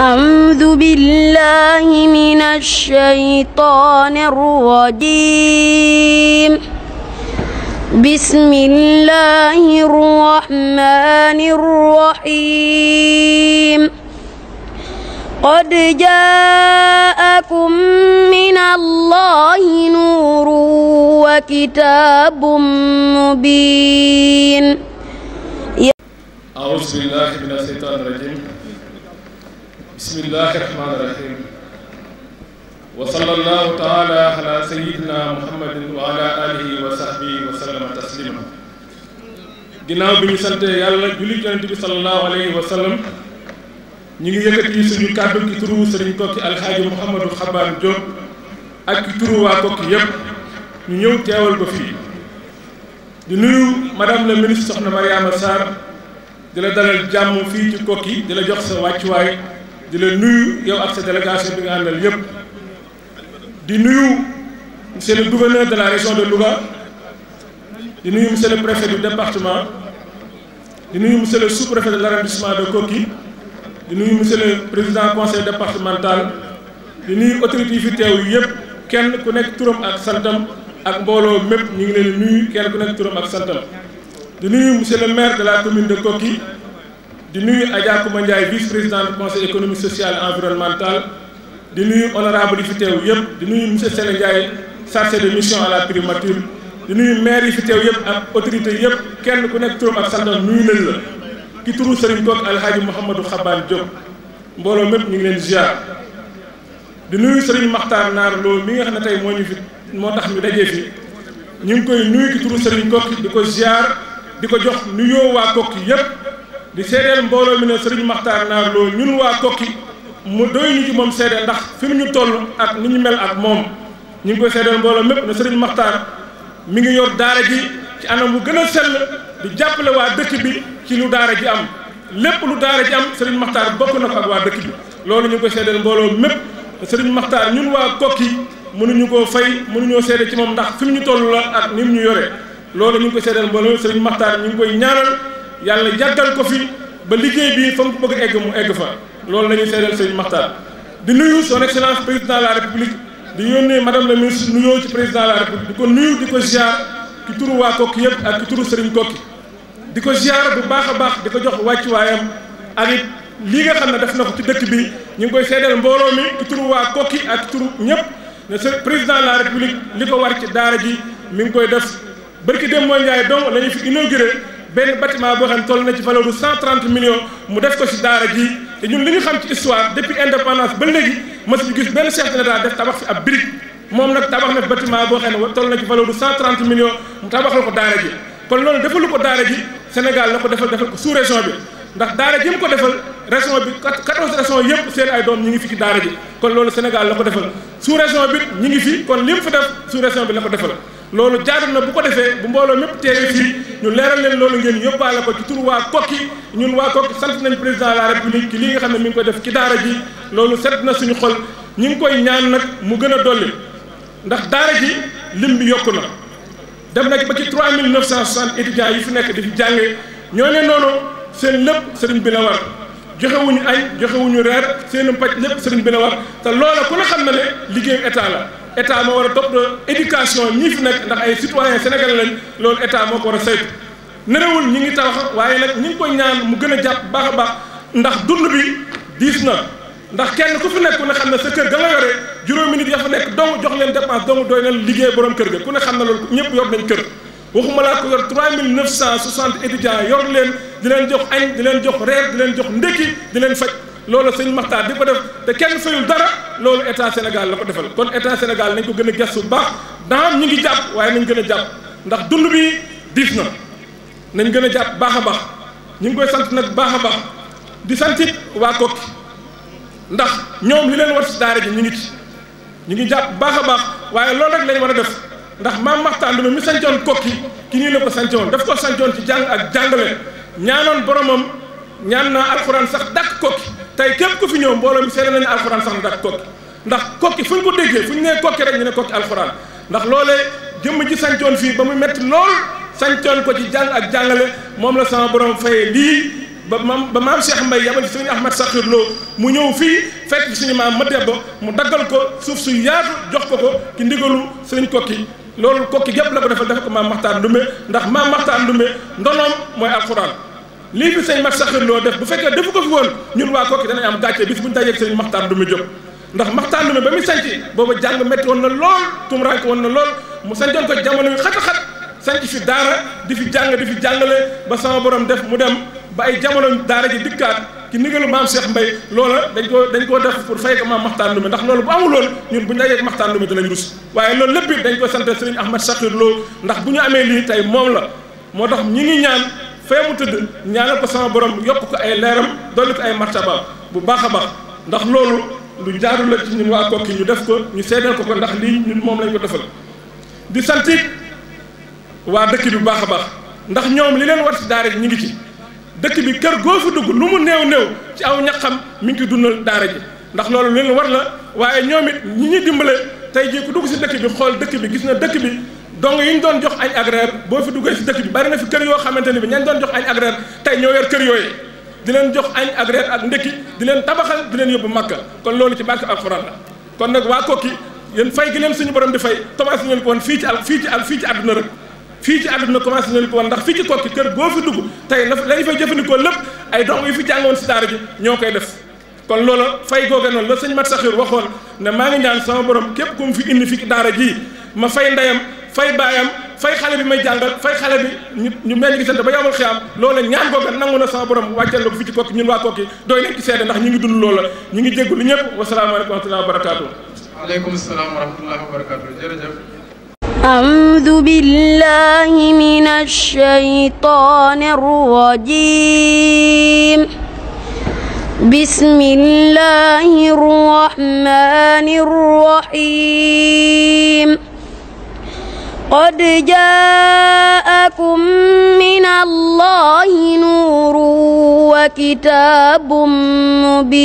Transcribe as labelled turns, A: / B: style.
A: أعوذ بالله من الشيطان الرجيم بسم الله الرحمن الرحيم قد جاءكم من الله نور وكتاب مبين
B: أعوذ بالله من الشيطان الرجيم bismillahi rahmaani wa sallallahu taala ala sayidina wa ala alihi wa sahbihi wa sallama taslima ginnaaw bi ñu sante yàlla julli yonent bi sallallahu alayhi wa sallam ñu ngi yëkkati suñu kàddu ci turu sëriñ Kokki alxaaji Mouhamadou Xabaan Diop ak ci turu waa Kokki yépp ñu ñëw teewal ko fii di nuyu madame la ministre soxna Mariama Sarr di la dalal jàmm fii ci Kokki di la jox sa wàccuwaay di la nuyu yow ak sa délégation bi nga àndal yëpp di nuyu monsieur le gouverneur de la région de Louga di nuyu monsieur le préfet du département di nuyu monsieur le sous-préfet de l'arrondissement de Koki di nuyu monsieur le président conseil départemental di nuyu autorités yi fi teew yëpp kenn ku nekk turam ak santam ak mbooloo mépp ñu ngi leen nuyu kenn ku nekk turam ak santam di nuyu monsieur le maire de la commune de Koki di nuyu Adja Kouma Ndiaye vice présidente conseil économique social et environnemental di nuyu honorable yi fi teew yëpp di nuyu monsieur Sele Ndiaye chargé de mission à la primature di nuyu maire yi fi teew yëpp ak autorité yëpp kenn ku nekk turam ak santam nuyu nañ la ki turu Serigne Koog Alhaji Mouhamadou Xabaan Diop mbooloo mépp ñu ngi leen ziar di nuyu Serigne Makhtar Naar loo mi nga xam ne tey moo ñu fi moo tax ñu dajee fi ñu ngi koy nuyu ki turu Serigne Koog di ko ziar di ko jox nuyoo waa Koog yëpp. di seedeel mbooloo mi ne sëriñ Maxtaar Naar Lo ñun waa Kokki mu doy ñu ci moom seede ndax fi mu ñu toll ak ni ñu mel ak moom ñu ngi koy seedeel mbooloo mépp ne sëriñ Maxtaar mi ngi yor daara ji ci anam bu gën a sell di jàppale waa dëkk bi ci lu daara ji am lépp lu daara ji am sëriñ Maxtaar bokk na ko ak waa dëkk bi loolu ñu ngi koy seedeel mbooloo mépp sëriñ Maxtaar ñun waa Kokki mënuñu koo fay mënuñoo seede ci moom ndax fi mu ñu toll la ak ni mu ñu yore loolu ñu ngi koy seedeel mbooloo sëriñ Maxtaar ñu ngi koy ñaanal yàlla yàggal ko fi ba liggéey bi fa mu bëgg egg mu egg fa loolu la ñuy seedal sëñ Maxtaar di nuyu son excellence président de la république di yónnee madame la ministre nuyoo ci président de la république di ko nuyu di ko ziar ki turu waa kokki yëpp ak ki turu sëriñ kokki di ko ziar bu baax a baax di ko jox wàccuwaayam ak it lii nga xam ne def na ko ci dëkk bi ñu ngi koy seedal mbooloo mi ki turu waa kokki ak ki turu ñëpp ne président de la république li ko war ci daara ji mi ngi koy def barki dem mooy Njaay donc la ñu fi inauguré benn bâtiment boo xam toll na ci valeur bu cent trente millions mu def ko ci daara ji te ñun li ñu xam ci histoire depuis indépendance ba léegi mësuñu gis benn chef de daa def tabax fi ab brique moom nag tabax na bâtiment boo xam ne toll na ci valeur bu cent trente millions mu tabaxal ko daara ji kon loolu defalu ko daara ji Sénégal la ko defal defal ko sous région bi ndax daara ji mu ko defal région bi quatorze régions yëpp seen ay doom ñi ngi fi ci daara ji kon loolu Sénégal la ko defal sous région bi ngi fi kon li mu fi région bi la ko defal loolu jaadu na bu ko defee bu mbooloo mépp teewee fii ñu leeral leen loolu ngeen yóbbaale ko ci tur waa kokki ñun waa kokki sant nañ président de la république ci li nga xam ne mi ngi ko def ci daara ji loolu sedd na suñu xol ñu ngi koy ñaan nag mu gën a dolli ndax daara ji lim bi yokk na dem na ba ci 3960 étudiants yi fi nekk di fi jànge ñoo ne noonu seen lépp sëriñ bi la war joxewuñu añ joxewuñu reer seen paj lépp sëriñ bi la war te loola ku ne xam na ne liggéeyu état la état moo war a toppatoo éducation ñi fi nekk ndax ay citoyen sénégalais lañ loolu état moo ko war a saytu nerewul ñi ngi tabax waaye nag ñi ngi koy ñaan mu gën a jàpp baax a baax ndax dund bi diis na ndax kenn ku fi nekk ku ne xam ne sa kër ga juróomi nit ya fa nekk dong jox leen dépense dong doy na liggéey borom kër ga ku ne xam na loolu ñëpp yor nañ kër waxuma laa ko yor 3960 étudiants yor leen di leen jox añ leen jox reer di leen jox ndékki di leen faj loolu sëñ Maxtaar di ko def te kenn fayul dara loolu état Sénégal la ko defal kon état Sénégal nañ ko gën a gëstu bu baax naam ñu ngi jàpp waaye nañ gën a jàpp ndax dund bi diis na nañ gën a jàpp baax a baax ñu ngi koy sant nag baax a baax di santit waa Koki ndax ñoom li leen war si daara ji ñu ngi ci ñu ngi jàpp baax a baax waaye loolu rek lañ war a def ndax maam Maxtaar Ndume mi sancoon Koki ki nii la ko sancoon daf ko sancoon ci jàng ak jàngale ñaanoon boromam ñaan naa alxuraan sax dàkk Koki tey képp ku fi ñëw mbooloo mi seere nañu alxuraan sax ndax kokki ndax kokki fu ñu ko déggee fu ñu nee kokki rek ñu ne kokki alxuraan ndax loolee jëmm ji sancoon fii ba mu métti lool sancoon ko ci jàng ak jàngale moom la sama borom fayee lii ba maam ba maam Cheikh Mbaye yabal ci sëñ Ahmad Sakhir Lo mu ñëw fii fekk suñu maam ma debbo mu daggal ko suuf su yaatu jox ko ko ci ndigalu sëñ kokki loolu kokki gépp la ko defal def ko maam Maxtaar Ndume ndax maam Maxtaar Ndume ndonoom mooy alxuraan lii fi sëñ mat saxir loo def bu fekkee defu ko fi woon ñun waa Koki danañ am gàcce bis bu ñu dajeeg sëñ maxtaar du mu jóg ndax maxtaar du mu ba mu sanc booba jàng woon na lool tumuraanke woon na ko jamono yu xat a xat sanc fi daara di fi fi jàngale ba sama borom def mu dem ba jamono daara ji dikkaat ci ndigalu maam Cheikh Mbaye loola dañ koo dañ koo def pour fay ko maam Maxtaan Ndoumé ndax loolu bu amul woon ñun bu ñu dajee Maxtaan Ndoumé dinañ rus waaye loolu lépp it dañ ko sant ndax bu ñu amee lii tey moom la moo tax ñi ngi ñaan fee mu tëdd ñaanal ko sama borom yokk ko ay leeram dolli ko ay martaba bu baax a baax ndax loolu lu jaaru la ci ñun waa Koki ñu def ko ñu seedeel ko ko ndax lii ñun moom lañ ko defal di sant it waa dëkk bi bu baax a baax ndax ñoom li leen war ci daara ji ñu ngi ci dëkk bi kër goo fi dugg lu mu néew néew ci aw ñaqam mu ngi dundal daara ji ndax loolu lu leen war la waaye ñoom it ñi ñuy dimbale tey jii ku dugg si dëkk bi xool dëkk bi gis na dëkk bi donc yi ñu doon jox añ ak boo fi duggee si dëkk bi bari na fi kër yoo xamante ni bi ñañ doon jox añ ak reer tey ñoo yor kër yooyu di leen jox añ ak reer ak ndekki di leen tabaxal di leen yóbbu Makka kon loolu ci barke alxuraan la kon nag waa Koki yéen fay gi leen suñu borom di fay commencé nañu ko woon fii ci fii ci al fii ci àdduna rek fii ci àdduna commencé nañu ko ndax fii ci Koki kër goo fi dugg tey la lañ fay jëfandikoo lépp ay dong yi fi jàngoon si daara ji ñoo koy def kon loola fay googe noonu la sëñ Mat Saxir waxoon ne maa ngi ñaan képp ku mu fi indi fi daara ji ma fay ndeyam fay baayam fay xale bi may jàngal fay xale bi ñu ñu mel ni gisante ba yowmal xiyaam loola ñaan googa nangu na sama borom wàccal na ko fi ci kokki ñun waa kokki doy nañ ci seede ndax ñu ngi dund loola ñu ngi jéggu lu ñëpp wasalaamaaleykum wa rahmatullahi wa barakaatu aleykum salaam wa rahmatullahi wa barakaatu jërëjëf
A: أعوذ بالله من الشيطان الرجيم بسم الله الرحمن الرحيم قد جاءكم من الله نور وكتاب مبين